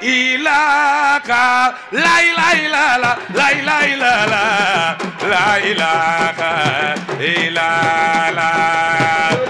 ilaha la ilaha la ilaha la ilaha ilaha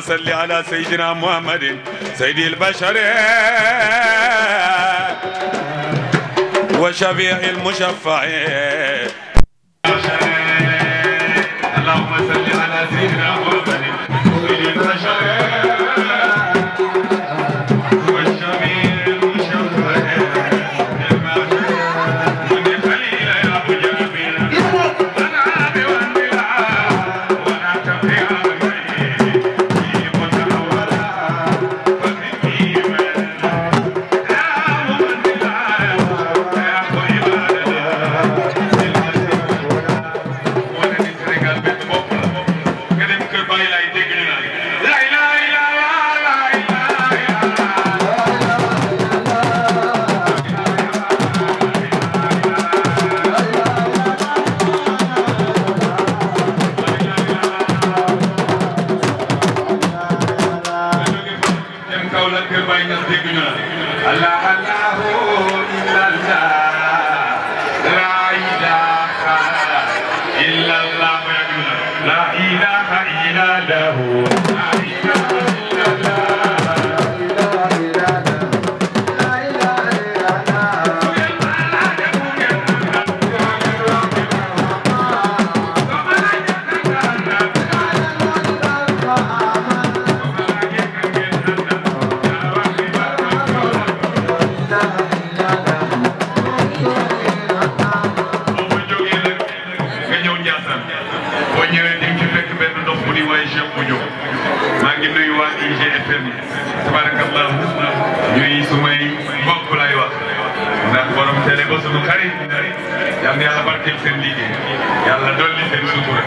وصل صل على سيدنا محمد سيد البشر وشفيع المشفعين إلا الله FM tabarakallahu ñuy sumay mbokk lay wax ndax borom télé ba sunu xarit yal na yàlla barkeel seen liggéey yàlla dolli seen sutura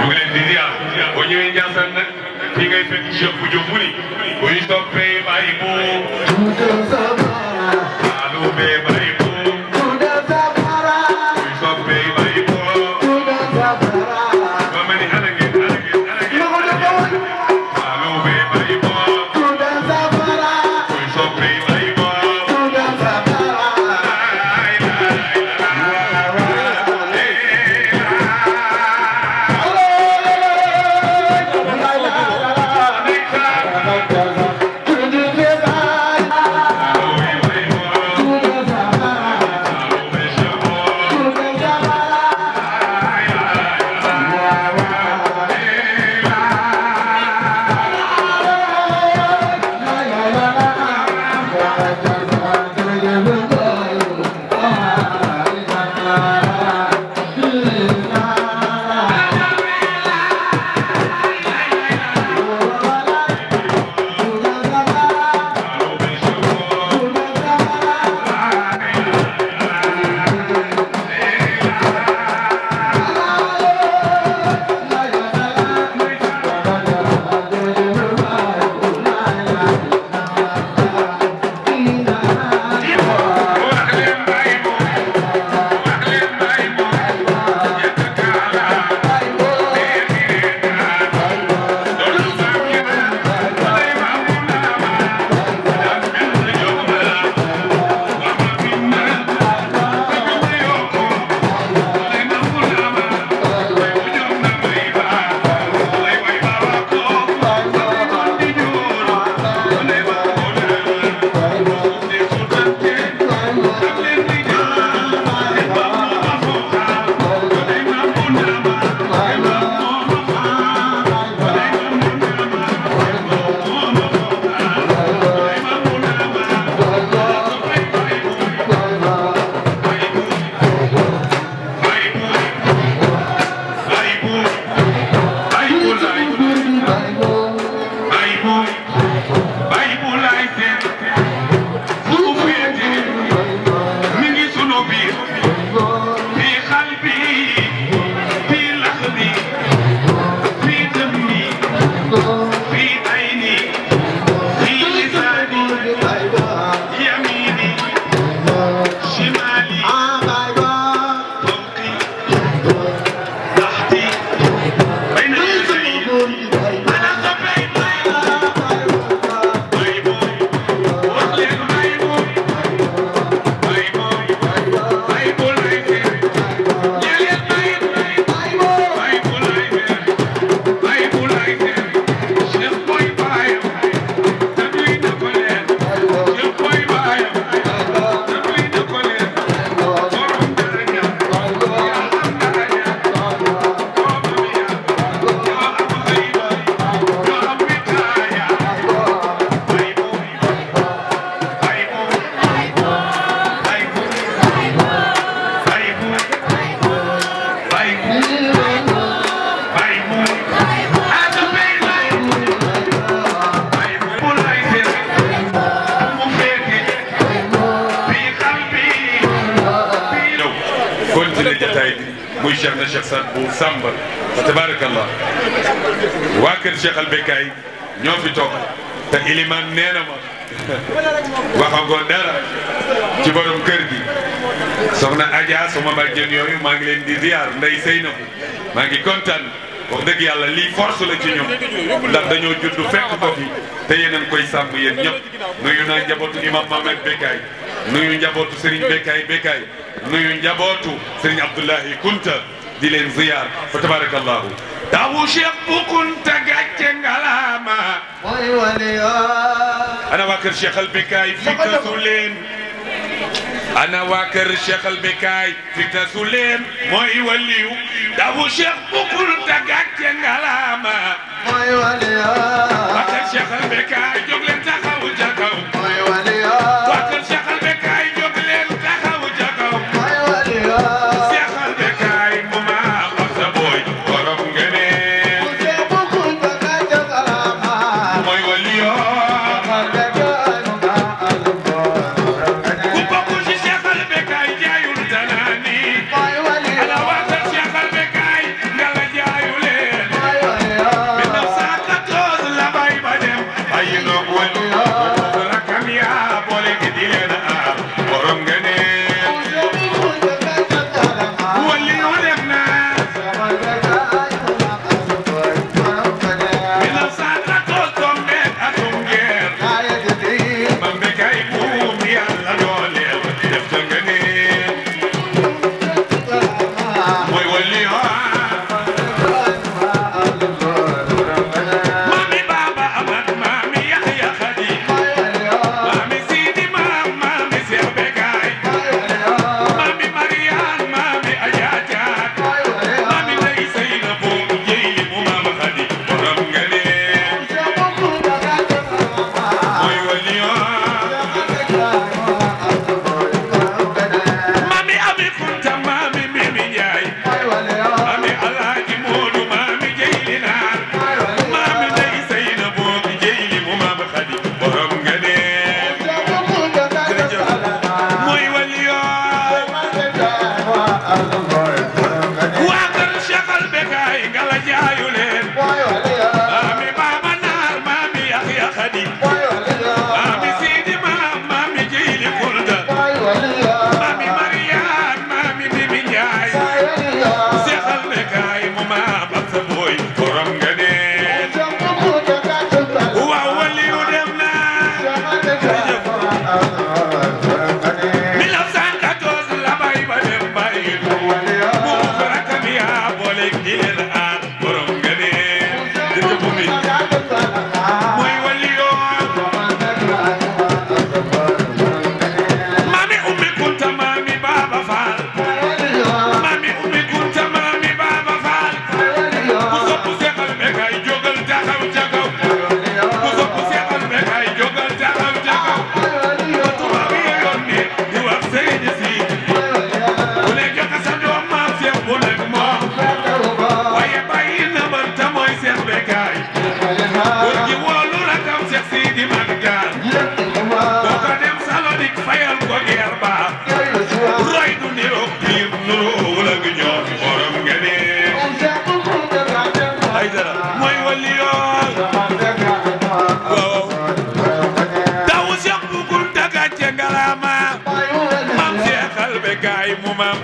ñu ngi leen di ziar boo ñëwee Ndiassane nag fii ngay fekk Cheikh bu Diop mu ni bu ñu toppee bàyyi boo kër Cheikh Albekaay ñoo fi toog te iliman nee na ma waxagoo dara ci borom kër gi soxna Adja sama bàjjen yooyu maa ngi leen di ziar ndey sëy na ko maa wax dëgg yàlla lii force la ci ñoom ndax dañoo juddu fekk ko fi te yeneen koy sàmm yéen ñëpp nuyu naa njabootu imam Mamed Bekaay nuyu njabootu Serigne Bekaay Bekaay nuyu njabootu Serigne Abdoulahi Kunta di leen ziar fa tabarakallahu taxu Cheikh Boukounta gàcce ngalaama. mooy waliyaa. ana waa kër Cheikh Albekaay fi tasu leen. ana waa kër Cheikh Albekaay fi tasu leen. mooy waliyu. taxu Cheikh Boukounta gàcce ngalaama. mooy waliyaa. waa kër Cheikh Albekaay jóg leen taxawu ca kaw.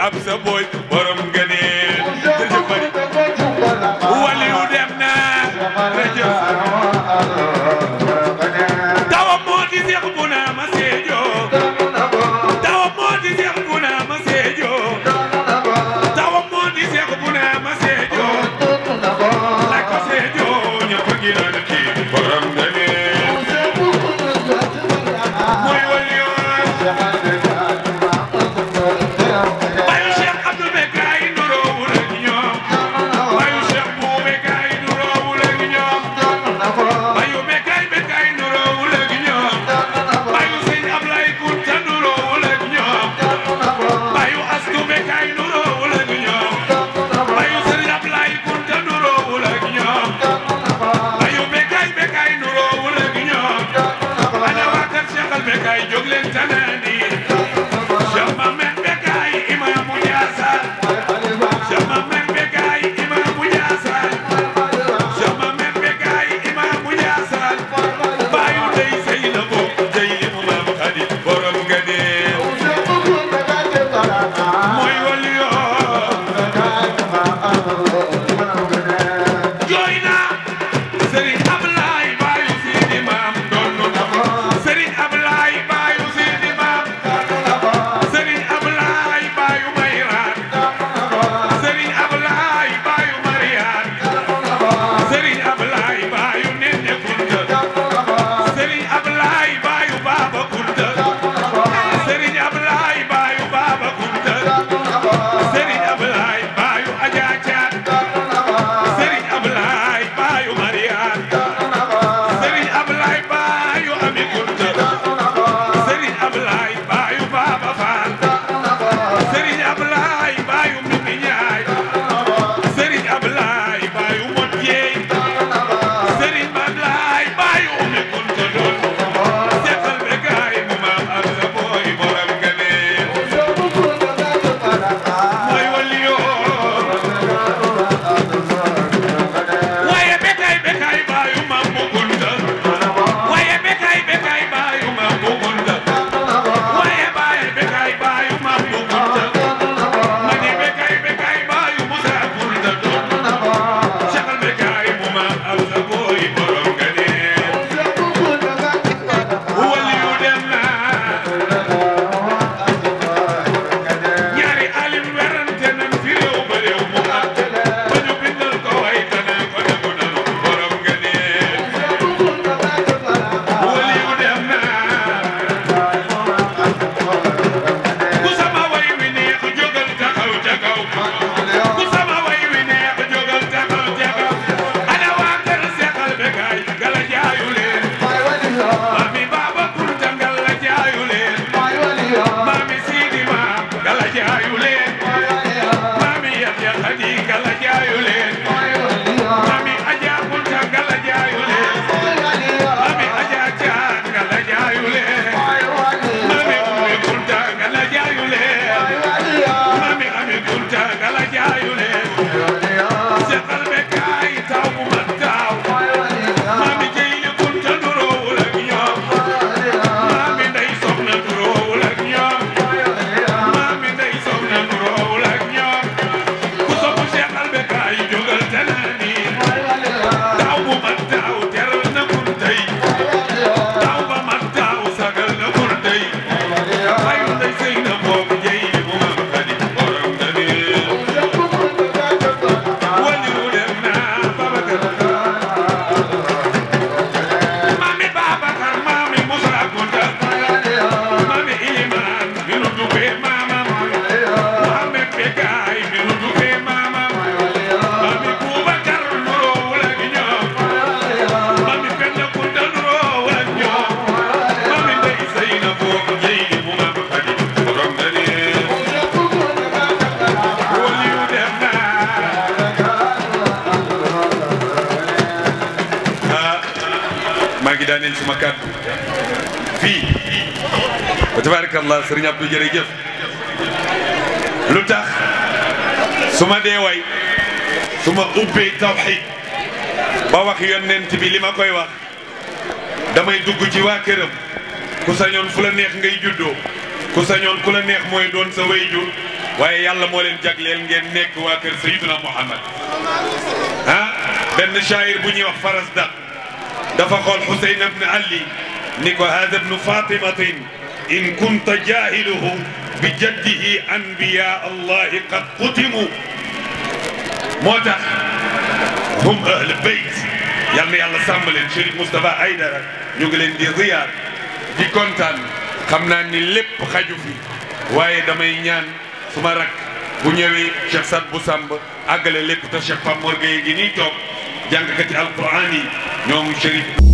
ab sa booy borom ngëneel jërëjëf bëri waliyu dem na sama kàddu fii wa tabarakallah sëriñ Abdou lu tax su ma dee way su ma ubbee tawxid ba wax yonent bi li ma koy wax damay dugg ci waa këram ku sañoon fu la neex ngay juddoo ku sañoon ku la neex mooy doon sa wayjur waaye yàlla moo leen jagleel ngeen nekk waa kër Sayyiduna Muhammad ah benn shaayir bu ñuy wax faras da دفق الحسين بن علي نيكو هذا ابن فاطمة إن كنت جاهله بجده أنبياء الله قد قتموا موتا هم أهل البيت يلا يلا سامبلين شريف مصطفى أيدر نيوغلين دي زيار دي كونتان خمنا نلب خجوفي واي دمي نيان سمارك بنيوي شخصات بوسامب أغلى لك تشخفا مرغي جنيتو jàngkati alquran yi ñoom Chérif